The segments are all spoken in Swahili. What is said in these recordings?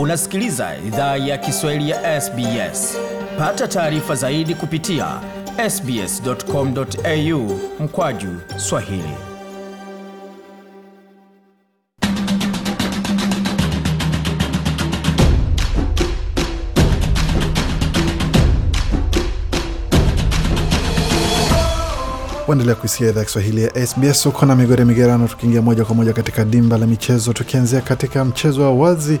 Unasikiliza idhaa ya Kiswahili ya SBS. Pata taarifa zaidi kupitia sbs.com.au mkwaju Swahili. Uendelea kuisikia idhaa Kiswahili ya SBS huko na migore migerano, tukiingia moja kwa moja katika dimba la michezo, tukianzia katika mchezo wa wazi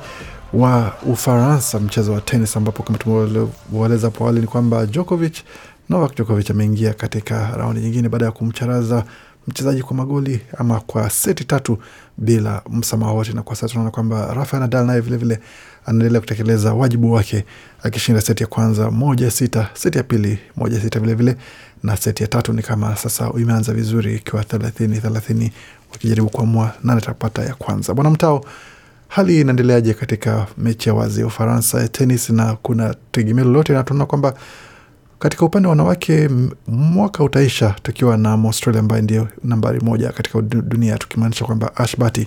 wa Ufaransa, mchezo wa tenis, ambapo kama tumeueleza hapo awali ni kwamba Djokovic, Novak Djokovic ameingia katika raundi nyingine baada ya kumcharaza mchezaji kwa magoli ama kwa seti tatu bila msamaha wote, na kwa sasa tunaona kwamba Rafael Nadal naye vilevile anaendelea kutekeleza wajibu wake akishinda seti ya kwanza moja sita, seti ya pili moja sita vilevile vile, na seti ya tatu ni kama sasa imeanza vizuri ikiwa thelathini thelathini, wakijaribu kuamua nani atapata ya kwanza. Bwana Mtao hali inaendeleaje katika mechi ya wazi ya Ufaransa ya tenis, na kuna tegemeo lolote? Na tunaona kwamba katika upande wa wanawake mwaka utaisha tukiwa na Australia ambaye ndio nambari moja katika dunia, tukimaanisha kwamba Ash Barty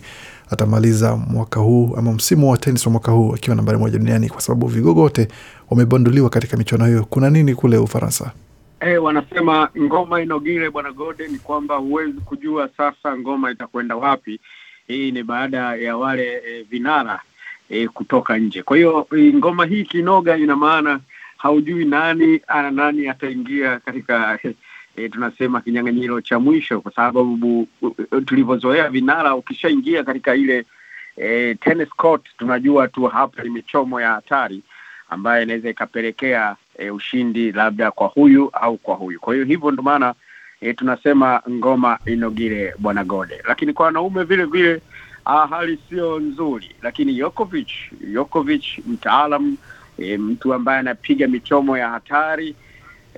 atamaliza mwaka huu ama msimu wa tenis wa mwaka huu akiwa nambari moja duniani, kwa sababu vigogo wote wamebanduliwa katika michuano hiyo. Kuna nini kule Ufaransa? Hey, eh, wanasema ngoma inogire bwana Gode, ni kwamba huwezi kujua sasa ngoma itakwenda wapi hii ni baada ya wale e, vinara e, kutoka nje. Kwa hiyo e, ngoma hii kinoga, ina maana haujui nani ana nani ataingia katika e, e, tunasema kinyang'anyiro cha mwisho, kwa sababu tulivyozoea vinara, ukishaingia katika ile e, tennis court, tunajua tu hapa ni michomo ya hatari ambayo inaweza ikapelekea e, ushindi labda kwa huyu au kwa huyu. Kwa hiyo hivyo ndio maana e, tunasema ngoma inogile bwana Gode, lakini kwa wanaume vile vile hali sio nzuri, lakini Djokovic Djokovic mtaalam e, mtu ambaye anapiga michomo ya hatari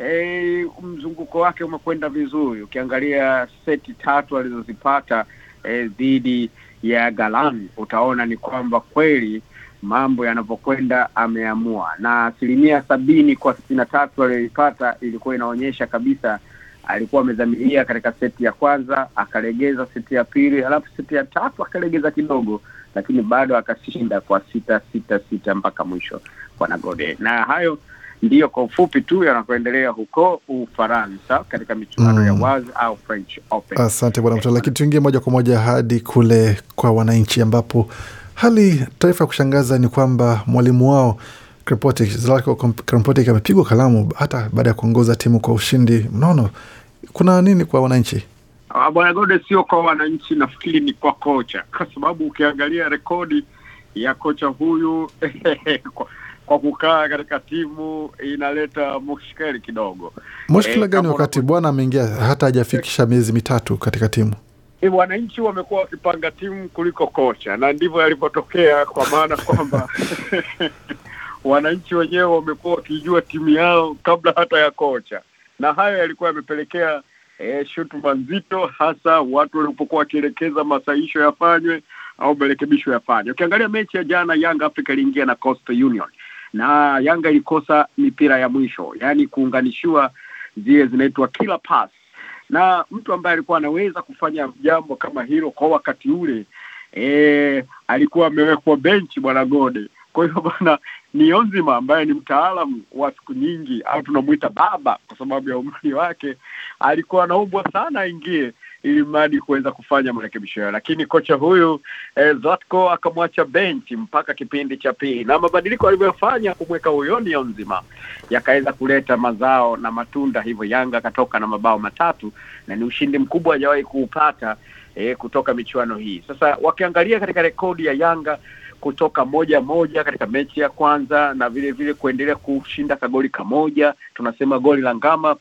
e, mzunguko wake umekwenda vizuri. Ukiangalia seti tatu alizozipata e, dhidi ya Galan utaona ni kwamba kweli mambo yanavyokwenda ameamua, na asilimia sabini kwa sitini na tatu aliyoipata ilikuwa inaonyesha kabisa alikuwa amedhamiria katika seti ya kwanza, akalegeza seti ya pili, halafu seti ya tatu akalegeza kidogo, lakini bado akashinda kwa sita sita sita mpaka mwisho Bwanagode. Na hayo ndiyo kwa ufupi tu yanakoendelea huko Ufaransa katika michuano mm. ya wazi au French Open. Asante bwana Mtala, lakini tuingie moja kwa moja hadi kule kwa wananchi, ambapo hali taifa ya kushangaza ni kwamba mwalimu wao Zlatko amepigwa kalamu hata baada ya kuongoza timu kwa ushindi mnono. Kuna nini kwa wananchi? Ah, bwana Gode, sio kwa wananchi, nafikiri ni kwa kocha, kwa sababu ukiangalia rekodi ya kocha huyu kwa, kukaa katika timu inaleta mushkeli kidogo. Mushkila e, eh, gani? Wakati bwana ameingia hata hajafikisha miezi mitatu katika timu e, wananchi wamekuwa wakipanga timu kuliko kocha, na ndivyo yalivyotokea, kwa maana kwamba wananchi wenyewe wamekuwa wakijua timu yao kabla hata ya kocha, na hayo yalikuwa yamepelekea e, shutuma nzito, hasa watu walipokuwa wakielekeza masaisho yafanywe au marekebisho yafanywe. Ukiangalia mechi ya jana, Yanga afrika iliingia na Coastal Union na Yanga ilikosa mipira ya mwisho, yaani kuunganishiwa zile zinaitwa kila pass, na mtu ambaye alikuwa anaweza kufanya jambo kama hilo kwa wakati ule e, alikuwa amewekwa benchi bwana Gode kwa hiyo bwana Niyonzima ambaye ni mtaalamu wa siku nyingi au tunamwita baba kwa sababu ya umri wake, alikuwa anaombwa sana aingie ili mradi kuweza kufanya marekebisho hayo, lakini kocha huyu eh, Zlatko akamwacha benchi mpaka kipindi cha pili, na mabadiliko alivyofanya kumweka huyo Niyonzima yakaweza kuleta mazao na matunda, hivyo Yanga akatoka na mabao matatu na ni ushindi mkubwa hajawahi kuupata eh, kutoka michuano hii. Sasa wakiangalia katika rekodi ya Yanga kutoka moja moja katika mechi ya kwanza na vile vile kuendelea kushinda kagoli kamoja, tunasema goli la ngama,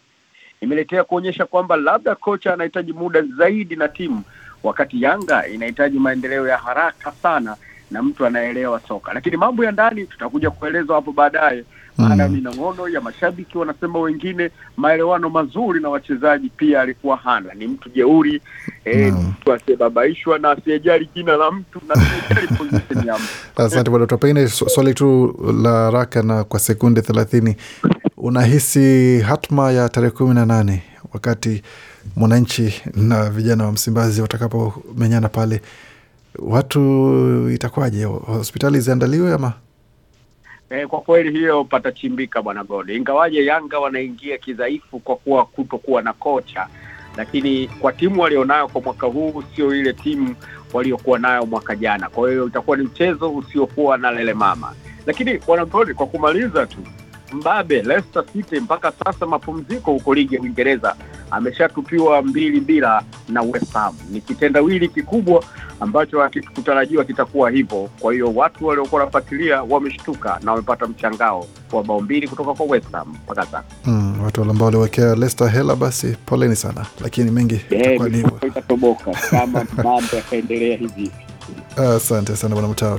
imeletea kuonyesha kwamba labda kocha anahitaji muda zaidi na timu, wakati Yanga inahitaji maendeleo ya haraka sana na mtu anaelewa soka, lakini mambo ya ndani tutakuja kuelezwa hapo baadaye, maana mm, minong'ono ya mashabiki wanasema wengine, maelewano mazuri na wachezaji pia alikuwa hana, ni mtu jeuri, eh, mm, eh, mtu asiyebabaishwa na asiyejali jina la mtu na asiyejali Asante bwana, pengine swali tu la haraka na kwa sekunde thelathini, unahisi hatma ya tarehe kumi na nane wakati mwananchi na vijana wa Msimbazi watakapomenyana pale, watu itakuwaje? Hospitali ziandaliwe ama E, kwa kweli hiyo patachimbika bwana Gode, ingawaje Yanga wanaingia kidhaifu kwa kuwa kutokuwa na kocha, lakini kwa timu walionayo kwa mwaka huu sio ile timu waliokuwa nayo mwaka jana. Kwa hiyo itakuwa ni mchezo usiokuwa na lele mama, lakini bwana Mtoni, kwa kumaliza tu mbabe Leicester City mpaka sasa mapumziko huko ligi ya Uingereza ameshatupiwa mbili bila na West Ham. Ni kitendawili kikubwa ambacho hakikutarajiwa kitakuwa hivyo. Kwa hiyo watu waliokuwa wanafuatilia wameshtuka na wamepata mchangao wa bao mbili kutoka kwa West Ham mpaka sasa. Mm, watu ambao waliwekea Leicester hela basi poleni sana, lakini mengi eh, itatoboka kama mambo yakaendelea hivi. Asante uh, sana bwana Mtao.